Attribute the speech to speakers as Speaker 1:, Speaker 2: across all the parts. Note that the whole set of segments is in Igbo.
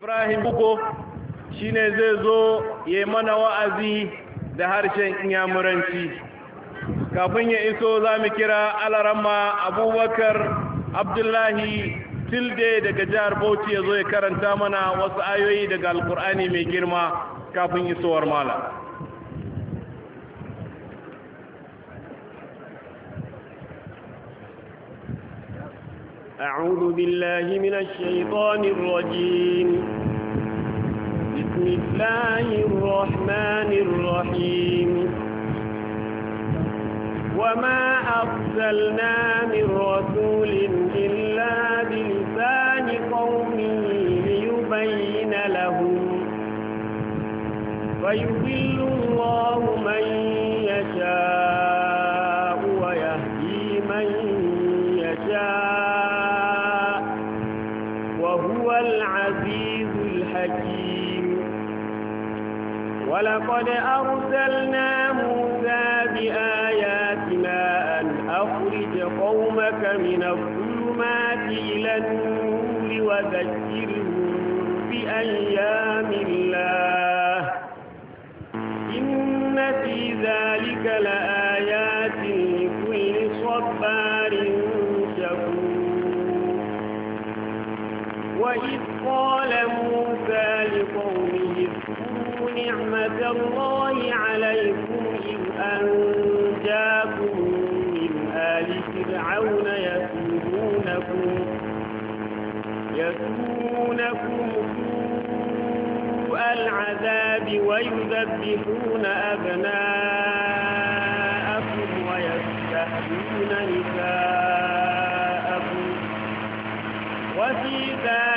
Speaker 1: ibrahim buko ne zai zo ya mana wa'azi da harshen
Speaker 2: inyamuranci kafin ya iso za mu kira alarama abubakar abdullahi tilde daga jihar bauchi ya zo ya karanta mana wasu ayoyi daga alkur'ani mai girma kafin isowar malam
Speaker 1: أعوذ بالله من الشيطان الرجيم بسم الله الرحمن الرحيم وما أرسلنا من رسول إلا بلسان قومه ليبين لهم فيضل الله من ولقد أرسلنا موسى بآياتنا أن أخرج قومك من الظلمات إلى النور وذكرهم بأيام الله إن في ذلك لآية نعمة الله عليكم إذ أنجاكم من آل فرعون يسومونكم يسومونكم سوء العذاب ويذبحون أبناءكم ويستحيون نساءكم وفي ذلك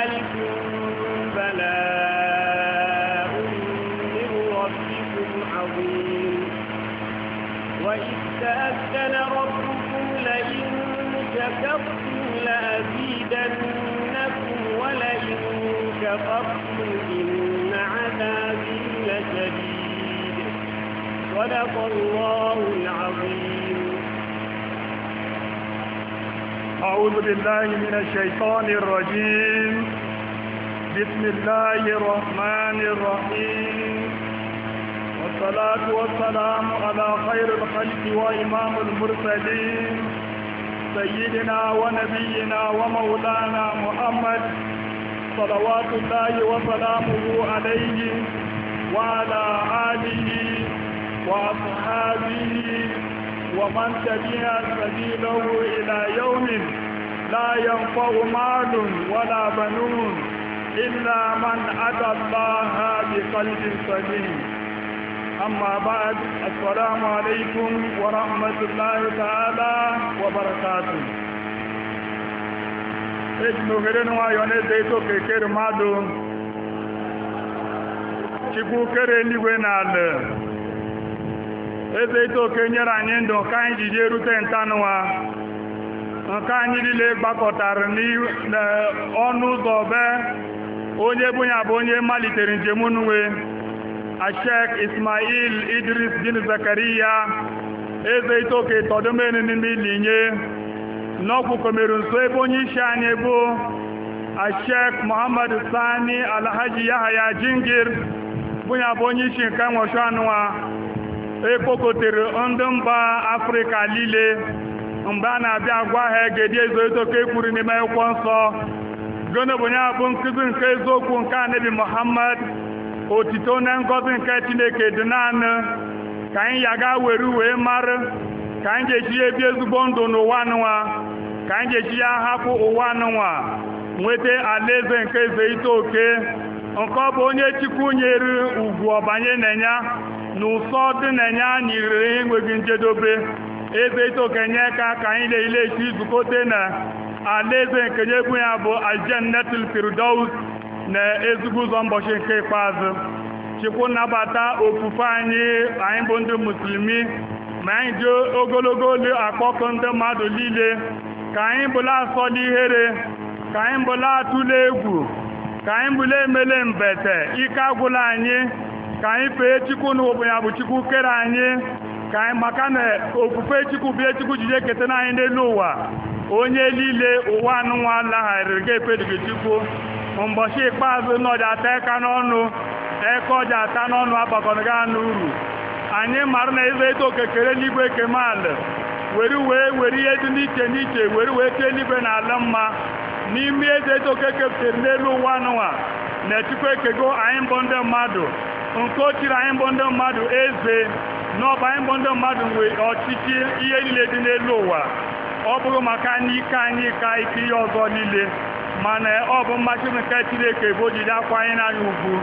Speaker 1: كفرتم إن عذابي لشديد صدق الله العظيم
Speaker 2: أعوذ بالله من الشيطان الرجيم بسم الله الرحمن الرحيم والصلاة والسلام على خير الخلق وإمام المرسلين سيدنا ونبينا ومولانا محمد صلوات الله وسلامه عليه وعلى آله وأصحابه ومن تبع سبيله إلى يوم لا ينفع مال ولا بنون إلا من أتى الله بقلب سليم أما بعد السلام عليكم ورحمة الله تعالى وبركاته eji m ohere nwayọọ na-ede itoke ekere mmadụ chukwu kere eluigwe na ala eze itoke nyere anyị ndụ nke anyị ji jee nka ntanụwa nke anyị niile gbakọtara n'ọnụ ụzọ be onye bụ ya bụ onye malitere njem nwe ashek ismail idris bin zakariya eze itoke nye. n'ọkwụkomere nso ebe onye isi anyị bụ ashek muhammad sani alhaji yahaya jingir bụ ya bụ onye isi nke nwọchụ anụwa ekpokotere ndị mba afrịka niile mgbe a na-abịa agwa ha egedi ezoezoka ekwuru n'ime akwụkwọ nsọ gonobonye bụ nkụzi nke eziokwu nke anabi muhammad otito na ngọzi nke chineke dị naanị ka anyị ya ga were uwe mara ka anyị ga-eji ya ebi ezigbo ndụ n'ụwa anụnwa ka anyị ga-eji ya hapụ ụwa n'ụwa nweta alaeze nke eze oke nke ọ bụ onye chikwu nyere ugwu ọbanye na-enye na ụsọ dị na-enye anyị rere enweghị njedebe eze oke nye ka ka anyị na-ele echi na alaeze nke nye bụ ya bụ aljannatul na ezigbo ụzọ mbọchị nke ikpeazụ chukwu nabata ofufe anyị anyị bụ ndị musulmi ma anyị jee ogologo ole akpọkọ ndị mmadụ niile ka anyị bụla asọla ihere ka anyị bụla atụla egwu ka anyị bụla emele mbete ike agwụla anyị ka anyị fee chukwu n'ụbụ ya bụ chukwu kere anyị ka anyị maka na ofufe chukwu bụ chukwu jide keta anyị n'elu ụwa onye niile ụwa anụnwa lagharịrị gị efedigị chukwu mbọchị ikpeazụ na ọja ata aka n'ọnụ eke ji ata n'ọnụ anụ uru. anyị mara na eze edo okekere n'igwe kemaalụ were wee were ihe dị n'iche n'iche were wee tee nigwe na ala mma n'ime eze edo okeke n'elu ụwa anụnwa na-echikwa ekego anyị mbụ ndị mmadụ nke ochiri anyị mbụ ndị mmadụ eze n'ọba anyị mbụ ndị mmadụ nwe ọchịchị ihe niile dị n'elu ụwa ọ bụghị maka n'ike anyị ka ike ihe ọzọ niile mana ọ bụ mmasị nke chineke bụ ojiri akwa anyị n'anya ugwu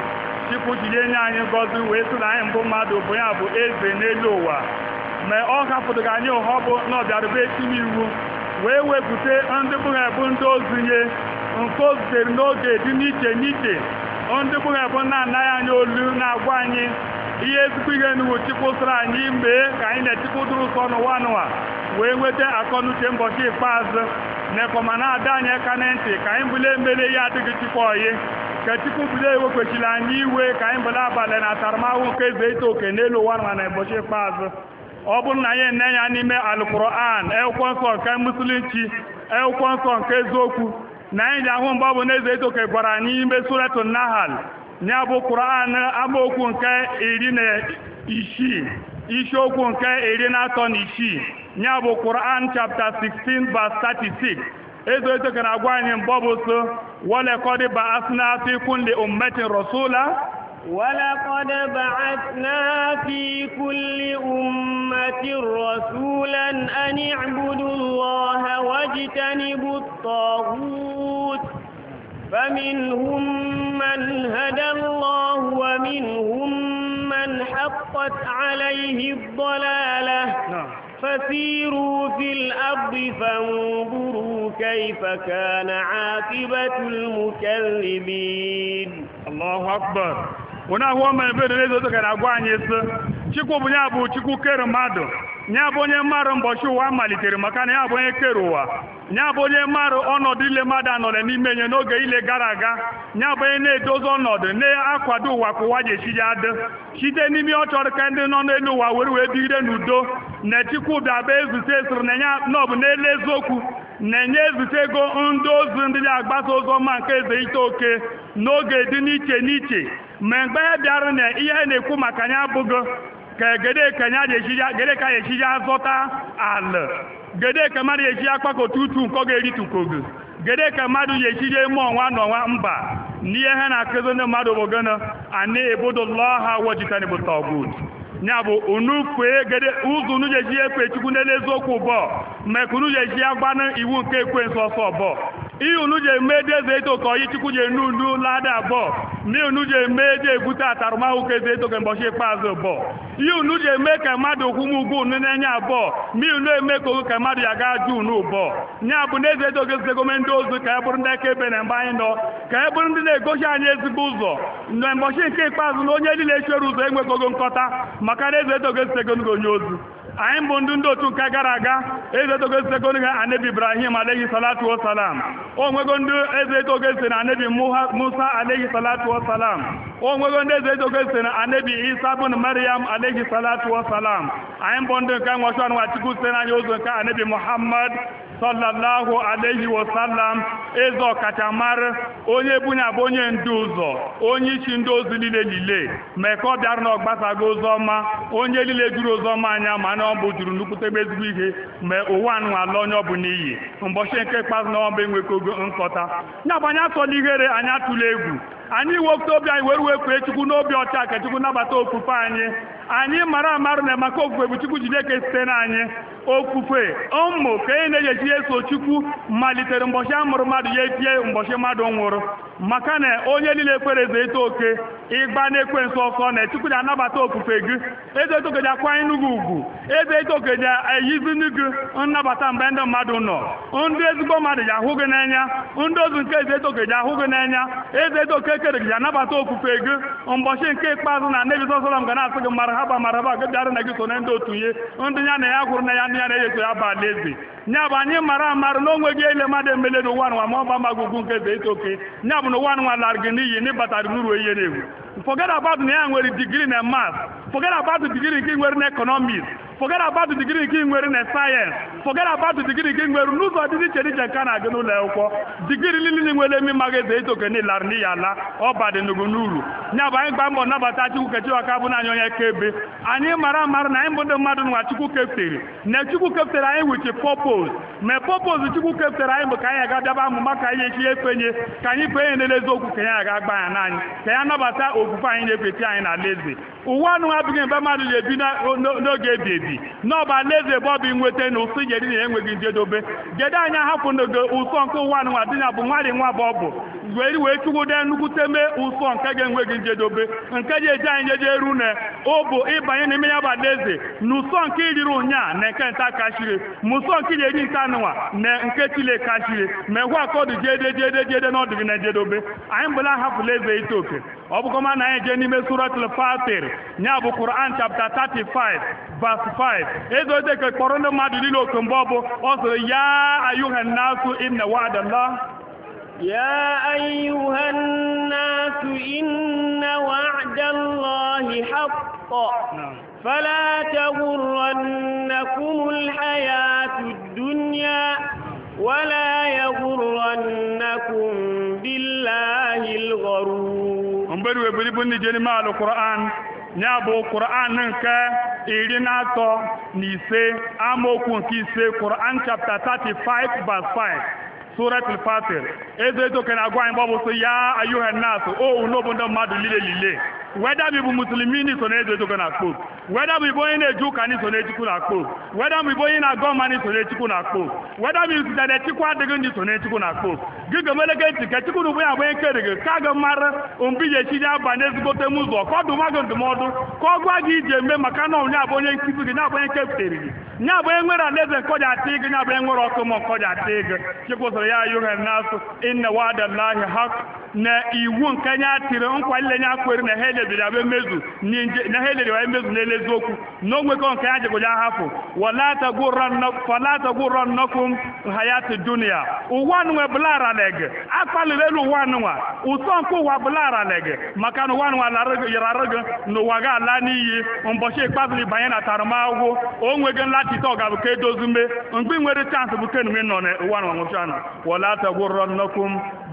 Speaker 2: chukwu ya enye anyị ngọzi wee sị na anyị mbụ mmadụ bụ ya bụ eze n'elu ụwa ma ọ hapụrụ anyị ụhọ bụ na ọbịarụba etinye iwu wee wepụta ndị bụghị ebu ndị ozi nye nke o zutere n'oge dị n'iche n'iche ndị bụghị ebu na-anaghị anyị olu na-agwa anyị ihe ezigbo ihe n'iwu chukwu sịrị anyị mee ka anyị na-echekwa dụrụ ụsọ n'ụwa n'ụwa wee nweta akọnuche mbọchị ikpeazụ na ekpọma na-ada anyị aka na ntị ka anyị bụla emere ihe adịghị chukwu oyi ka chukwu bido ewekwechila anyị iwe ka anyị bụla abalị na ataramahụ nke eze n'elu ụwa nwa na ụbọchị ikpeazụ ọ bụrụ na anyị ene ya n'ime alụkụrọan akwụkwọ e nke muslim chi e nsọ nke eziokwu na anyị ji ahụ mgbe ọ bụ na gwara n'ime ime suratun nahal ya bụ kuran amaokwu nke iri na isii isiokwu nke iri na atọ na isii ya bụ kuran chapter 16 verse 36 إذا ezo kana agwa ولقد بعثنا في كل أمة رسولا ولقد بعثنا في كل أمة
Speaker 1: رسولا أن اعبدوا الله واجتنبوا الطاغوت فمنهم من هدى الله ومنهم من حقت عليه الضلالة نعم فسيروا في الأرض فانظروا كيف كان عاقبة المكذبين
Speaker 2: الله أكبر wani ahuwa mai bai da zai zo daga ragwa ne su ciku bu ya bu madu ya bụ onye mmarụ mbọchị ụwa malitere maka na ya bụ onye kere ụwa ya bụ onye mmarụ ọnọdụ ile mmadụ anọrọ n'ime nye n'oge ile gara aga ya bụ onye na-edozi ọnọdụ na-akwado ụwa ka ụwa ji ya adị site n'ime ọ chọrọ ka ndị nọ n'elu ụwa were wee bigide n'udo na-etikwa ụbịa bụ ezute soro na ya nọbụ n'elu eziokwu na-enye ezute ego ndị ozi ndị na-agbasa ozi ọma nke eze ite oke n'oge dị n'iche n'iche mgbe ha bịara na ihe na-ekwu maka ya abụgo kegede kenya ga-esija gede ka esija zụta ala gede ka mmadụ eji akpakotu utu nke ọ ga-eritukogo gede ka mmadụ ga-esije ime ọnwa n'ọnwa mba n'ihe ha na-akụzi ndị mmadụ bụ gana ana ebodolọ ha wọjitanibụta ọgụd ya bụ unu fee gede ụzọ unu ga-eji efe chukwu ndị n'eziokwu bọ ma ka unu ga-eji agbanụ iwu nke ekwe nsọsọ bọ ihe unu ga-eme deze eto ka ọyi chukwu ga-enu unu lada abụọ n'ihi unu ji eme eji ebute atarụmahụ ka eze etoke mbọchị ikpeazụ bụ ihe unu ji eme ka mmadụ kwụ ugwu unu na-enye abụọ ma unu eme ka ogo ka mmadụ ya gaa ju unu bọ nya bụ na eze etoke zitego ndị ozu ka e bụrụ ndị aka na mgbe anyị nọ ka e bụrụ ndị na-egosi anyị ezigbo ụzọ na mbọchị nke ikpeazụ na onye niile chere ụzọ enwegogo nkọta maka na eze edogo esitegonugo onye ozu anyị bụ ndị ndị otu nke gara aga eze edogo esitegonugo anabi ibrahim aleghi salatu wasalam nwego ndị eze edogo na anebi musa aleghi salatu wasalam onwego ndị eze edogo na anabi isa bụ na mariam alehi salatu wasalam anyị bụ ndị nke nwọchọ nwa chukwu site n'anya ụzọ nke anabi muhammad sallallahu alayhi wasalam eze ọkachamara onye bunye abụ onye ndị ụzọ onye isi ndị ozi niile niile ma ka ọ bịara na ọgbasago ụzọ onye niile juru ụzọma anya ma na ọ bụ juru nnukwute ebe ezigbo ihe ma ụwa nwa ala onye ọ n'iyi mbọchị nke ikpeazụ na ọba nkọta ya bụ anyị ihere anyị atụla egwu anyị wepụta obi anyị were wepụ chukwu n'obi ọcha ka chukwu nabata ofufe anyị anyị mara amarụ na maka ofufe bụ chukwu jide ka na anyị okwukwe ụmụ ka e na-eji eso chukwu malitere mbọchị a mụrụ mmadụ ya epie mbọchị mmadụ nwụrụ maka na onye niile kwere eze eto oke ịgba na-ekwe nso ọsọ na chukwu na-anabata okwukwe gị eze eto oke ji akwanye nugwu ugwu eze eto oke ji eyizi gị nnabata mgbe ndị mmadụ nọ ndị ezigbo mmadụ ji ahụ gị n'anya ndị ozu nke eze eto oke ji ahụ gị n'anya eze eto oke kere gị ji anabata okwukwe gị mbọchị nke ikpeazụ na nebi sọsọrọ m ga na-asị gị mara marahaba ga bịara na gị so na ndị otu ihe ndị ya na ya gwụrụ na ya aniana yesu ya ba leze nyaba ni mara mar no ngwege ile made mele do wan wa mo ba magugun ke be toke nyabu no wan wa largini yi ni batari nuru yene wu forget about na ya nwere digiri na math forget about digiri nke nwere na economics forget about digiri nke nwere na science forget about digiri nke nwere n'ụzọ dị iche iche nke a na-agụ n'ụlọ akwụkwọ digiri niile nwere emi maga eze etoke nilara n'iyi ala ọba dị nugo n'uru nya bụ anyị gba mbọ nabata Chukwukechi Ọka bụ naanị onye kebe anyị mara amara na anyị bụ ndị mmadụ nwa Chukwu keftere na Chukwu keftere anyị wuchi purpose ma purpose Chukwu keftere anyị bụ ka anyị aga bịaba amụma ka anyị echi ya ekwenye ka anyị kwenye eziokwu ka anyị aga gba ya n'anyị ka ya nabata ofufe anyị na-ekweti anyị na alaeze ụwa ọnụ abụghị mgbe mmadụ na-ebi n'oge ebi ebi n'ọba alaeze bụ ọbụ nweta na ụsụ gedi na enweghị njedobe gede anyị ahapụ n'oge ụsọ nke ụwa anụ nwa dịnya bụ nwadị nwa bụ ọbụ bụ wee wee chụgwude nnukwute mee ụsọ nke ga-enweghị njedobe nke ji eji anyị jeje eru une ọ bụ ịbanye n'ime ya bụ adaeze n'ụsọ nke iriri ụnya na nke nta kachiri ma ụsọ nke iri eri nke anụnwa na nke chile kachiri ma egwu akọdụ jede jede jede n'ọdụ ọdụ gị na jedobe anyị eze ite oke ọ ma na anyị jee n'ime suratul fatir ya bụ 35 5 eze odeke kpọrọ ndị mmadụ niile oke mgbe ọ bụ ọ sịrị ya inna
Speaker 1: ya الحق فلا تغرنكم الحياة الدنيا ولا
Speaker 2: يغرنكم بالله الغرور أمبر وبريبون نجاني مع Quran, ya bụ Quran nke iri na atọ na ise amaokwu nke ise Quran chapter 35 verse 5 surat al-fatir eze na-agwa anyị mgbe ya n'obodo mmadụ lile weda bụ musulmi n'iso na na akpo weda bụ ibe onye na-eji ụka n'iso na echukwu na akpo weda bụ ibu onye na-agụ ọma na echukwu na akpo weda bụ izita na echukwu adịghị n'iso na echukwu na akpo gị gomeleke ntị ka chukwu na gbe ya gbanye kere gị ka gị mara ombi ya echi ya aba na ezigbote m ụzọ ka ọ dụma gị ndụmọdụ ka ọ gwa gị ije mgbe maka na onye abụ onye nkịtị gị na nke butere nya nwere alaeze atị nya ọkụ m gị ya na iwu nke anya tiri nkwa ile ya kwere na ha edebiri abụ emezu na ha edere emezu n'elezi okwu na onwekọ nke ya jegboja hafụ falatagwuro nnọkwu hayati dunia ụwa anụnwa bụlara nege akpaliri elu ụwa anụnwa ụtọ nke ụwa bụlara nege maka na ụwa anụnwa yara gị na ụwa ga ala n'iyi mbọchị ikpeazụ banye na taramahụhụ o nwegị nlachite ọga bụ ka edozume mgbe nwere chansị bụ kenwe nọ n'ụwa anụnwa nwụchanụ walatagwuro nnọkwu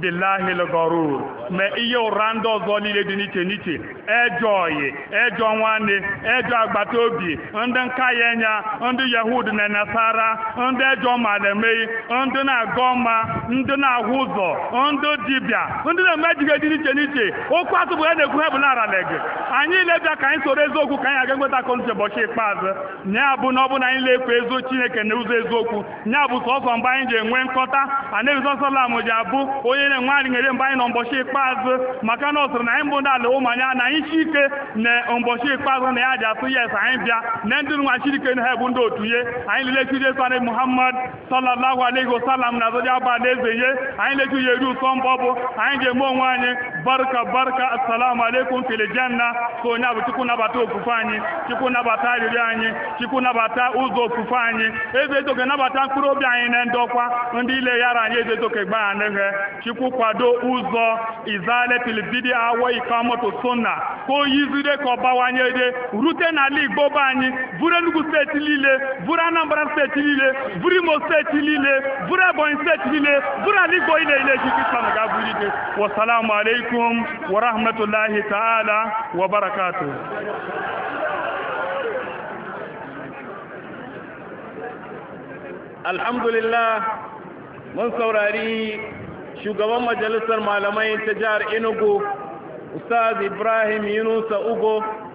Speaker 2: billahi lagorur ma ihe ụra ndị ọzọ niile dị n'iche n'iche ejọ oyi ejọ nwanne ejọ agbata obi ndị nka ya enya ndị yahud na nasara ndị ejọ malemei ndị na-agọ ndị na-ahụ ụzọ ndị dibịa ndị na-emejighị dị n'iche n'iche okwu atụ bụ ya na-ekwu ha bụ naralege anyị lebịa ka anyị soro eziokwu ka anyị aga nweta akọnuche ụbọchị ikpeazụ nya bụ na ọ na anyị na-ekwu chineke na ụzọ eziokwu nya bụ sọsọ mgbe anyị ji enwe nkọta a na-ebizo ji abụ onye na nwaanyị nyere mgbe anyị nọ mbọchị ikpeazụ maka na ọ sịrị na anyị mbụ ndị ala ụmụ anya na anyị chi ike na mbọchị ikpeazụ na ya ji asụ yes anyị bịa na ndị nwa chirike na ha bụ ndị otu ye anyị lelechi jesari muhammad salallahu alaihi wasalam na azụdị aba na eze ye anyị lechi ya eri ụsọ mbọ bụ anyị ji eme onwe anyị barka barka asalamu alaikum filijanna ka onye abụ chukwu nabata ofufe anyị chukwu nabata arịrịọ anyị chukwu nabata ụzọ ofufe anyị eze ezoke nabata mkpụrụ obi anyị na ndị ọkwa ndị ile yara anyị eze ezoke gba ya n'ihe chukwu nkwụkwado ụzọ izaletilibidi awa ikeọmụtụ sona ka o yizide ka ọ bawanye de rute n'ala igbo be anyị bụrụ enugu steeti niile bụrụ anambra steeti niile bụrụ imo steeti niile bụrụ ebonyi steeti niile bụrụ ala igbo ile ile jikisana gabụride wasalamu alaikum warahmatullahi ta'ala wa
Speaker 1: alhamdulillah
Speaker 2: mun saurari shugaban majalisar malamai ta jihar enugu ustaz ibrahim yunusa ugo